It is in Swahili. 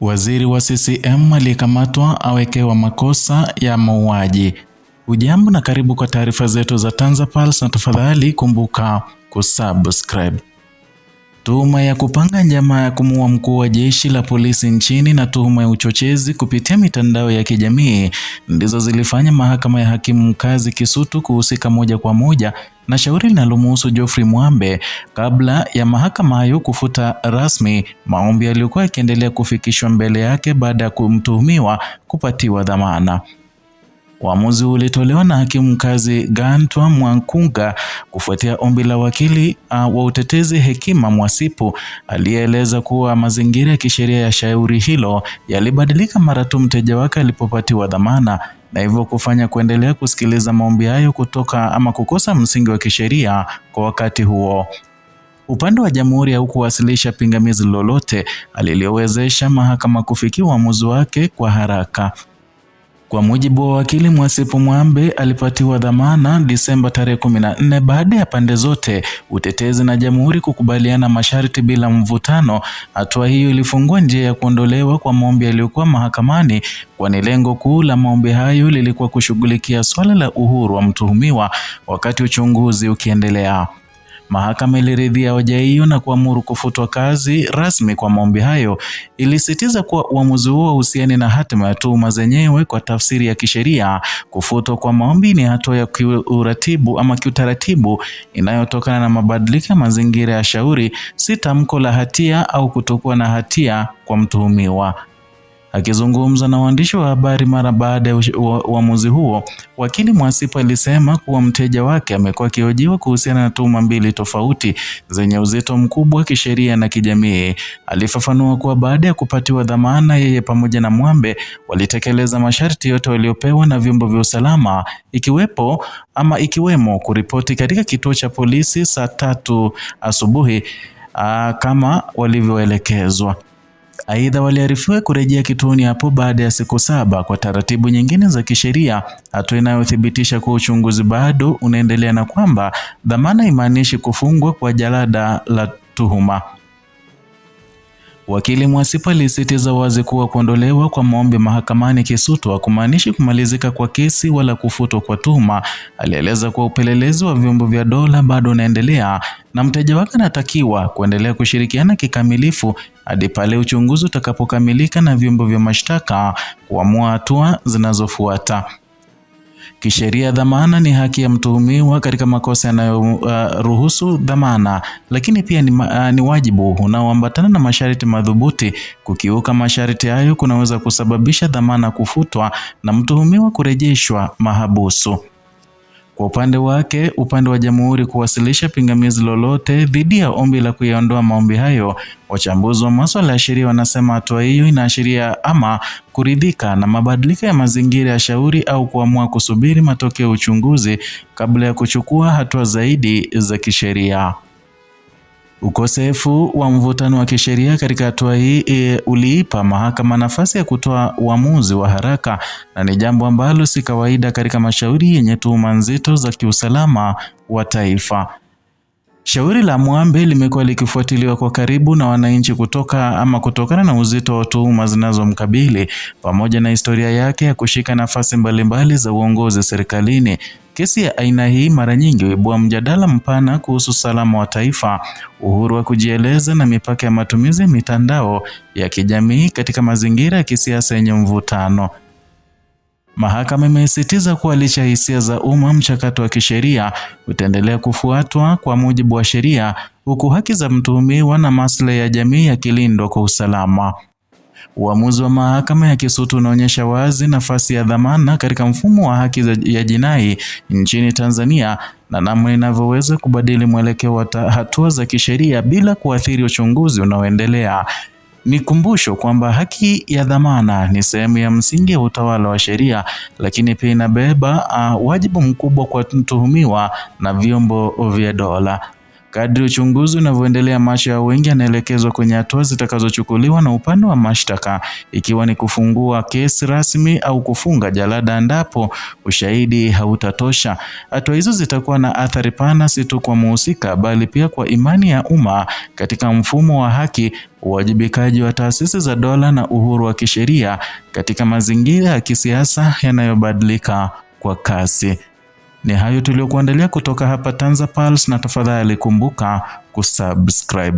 Waziri wa CCM aliyekamatwa awekewa makosa ya mauaji. Ujambo na karibu kwa taarifa zetu za TanzaPulse, na tafadhali kumbuka kusubscribe. Tuhuma ya kupanga njama ya kumuua mkuu wa jeshi la polisi nchini na tuhuma ya uchochezi kupitia mitandao ya kijamii ndizo zilifanya mahakama ya hakimu mkazi Kisutu kuhusika moja kwa moja na shauri linalomuhusu Geoffrey Mwambe kabla ya mahakama hiyo kufuta rasmi maombi yaliyokuwa yakiendelea kufikishwa mbele yake baada ya kumtuhumiwa kupatiwa dhamana. Uamuzi ulitolewa na hakimu mkazi Gantwa Mwankunga kufuatia ombi la wakili uh, wa utetezi Hekima Mwasipu aliyeeleza kuwa mazingira ya kisheria ya shauri hilo yalibadilika mara tu mteja wake alipopatiwa dhamana na hivyo kufanya kuendelea kusikiliza maombi hayo kutoka ama kukosa msingi wa kisheria kwa wakati huo. Upande wa jamhuri haukuwasilisha pingamizi lolote aliliowezesha mahakama kufikia uamuzi wake kwa haraka. Kwa mujibu wa wakili Mwasipu Mwambe, alipatiwa dhamana Disemba tarehe kumi na nne baada ya pande zote utetezi na jamhuri kukubaliana masharti bila mvutano. Hatua hiyo ilifungua njia ya kuondolewa kwa maombi yaliyokuwa mahakamani, kwani lengo kuu la maombi hayo lilikuwa kushughulikia swala la uhuru wa mtuhumiwa wakati uchunguzi ukiendelea. Mahakama iliridhia hoja hiyo na kuamuru kufutwa kazi rasmi kwa maombi hayo. Ilisitiza kuwa uamuzi huo uhusiani na hatima ya tuhuma zenyewe. Kwa tafsiri ya kisheria, kufutwa kwa maombi ni hatua ya kiuratibu ama kiutaratibu inayotokana na mabadiliko ya mazingira ya shauri, si tamko la hatia au kutokuwa na hatia kwa mtuhumiwa. Akizungumza na waandishi wa habari mara baada ya uamuzi huo, wakili Mwasipu alisema kuwa mteja wake amekuwa akihojiwa kuhusiana na tuhuma mbili tofauti zenye uzito mkubwa kisheria na kijamii. Alifafanua kuwa baada ya kupatiwa dhamana, yeye pamoja na Mwambe walitekeleza masharti yote waliopewa na vyombo vya usalama, ikiwepo ama ikiwemo kuripoti katika kituo cha polisi saa tatu asubuhi aa, kama walivyoelekezwa. Aidha, waliarifiwa kurejea kituoni hapo baada ya siku saba kwa taratibu nyingine za kisheria, hatua inayothibitisha kuwa uchunguzi bado unaendelea na kwamba dhamana haimaanishi kufungwa kwa jalada la tuhuma. Wakili Mwasipa alisitiza wazi kuwa kuondolewa kwa maombi mahakamani Kisutu hakumaanishi kumalizika kwa kesi wala kufutwa kwa tuhuma. Alieleza kuwa upelelezi wa vyombo vya dola bado unaendelea na mteja wake anatakiwa kuendelea kushirikiana kikamilifu hadi pale uchunguzi utakapokamilika na vyombo vya mashtaka kuamua hatua zinazofuata. Kisheria, dhamana ni haki ya mtuhumiwa katika makosa yanayoruhusu uh, dhamana, lakini pia ni, uh, ni wajibu unaoambatana na masharti madhubuti. Kukiuka masharti hayo kunaweza kusababisha dhamana kufutwa na mtuhumiwa kurejeshwa mahabusu. Kwa upande wake, upande wa Jamhuri kuwasilisha pingamizi lolote dhidi ya ombi la kuyaondoa maombi hayo, wachambuzi wa masuala ya sheria wanasema hatua hiyo inaashiria ama kuridhika na mabadiliko ya mazingira ya shauri au kuamua kusubiri matokeo ya uchunguzi kabla ya kuchukua hatua zaidi za kisheria. Ukosefu wa mvutano wa kisheria katika hatua hii e, uliipa mahakama nafasi ya kutoa uamuzi wa haraka na ni jambo ambalo si kawaida katika mashauri yenye tuhuma nzito za kiusalama wa taifa. Shauri la Mwambe limekuwa likifuatiliwa kwa karibu na wananchi kutoka ama kutokana na uzito wa tuhuma zinazomkabili pamoja na historia yake ya kushika nafasi mbalimbali za uongozi serikalini. Kesi ya aina hii mara nyingi huibua mjadala mpana kuhusu usalama wa taifa, uhuru wa kujieleza na mipaka ya matumizi ya mitandao ya kijamii katika mazingira ya kisiasa yenye mvutano. Mahakama imesisitiza kuwa licha ya hisia za umma, mchakato wa kisheria utaendelea kufuatwa kwa mujibu wa sheria, huku haki za mtuhumiwa na maslahi ya jamii yakilindwa kwa usalama. Uamuzi wa mahakama ya Kisutu unaonyesha wazi nafasi ya dhamana katika mfumo wa haki ya jinai nchini Tanzania na namna inavyoweza kubadili mwelekeo wa hatua za kisheria bila kuathiri uchunguzi unaoendelea. Ni kumbusho kwamba haki ya dhamana ni sehemu ya msingi ya utawala wa sheria, lakini pia inabeba uh, wajibu mkubwa kwa mtuhumiwa na vyombo vya dola. Kadri uchunguzi unavyoendelea, macho ya wengi yanaelekezwa kwenye hatua zitakazochukuliwa na upande wa mashtaka, ikiwa ni kufungua kesi rasmi au kufunga jalada endapo ushahidi hautatosha. Hatua hizo zitakuwa na athari pana, si tu kwa mhusika, bali pia kwa imani ya umma katika mfumo wa haki, uwajibikaji wa taasisi za dola na uhuru wa kisheria katika mazingira ya kisiasa yanayobadilika kwa kasi. Ni hayo tuliyokuandalia kutoka hapa Tanza Pulse, na tafadhali kumbuka kusubscribe.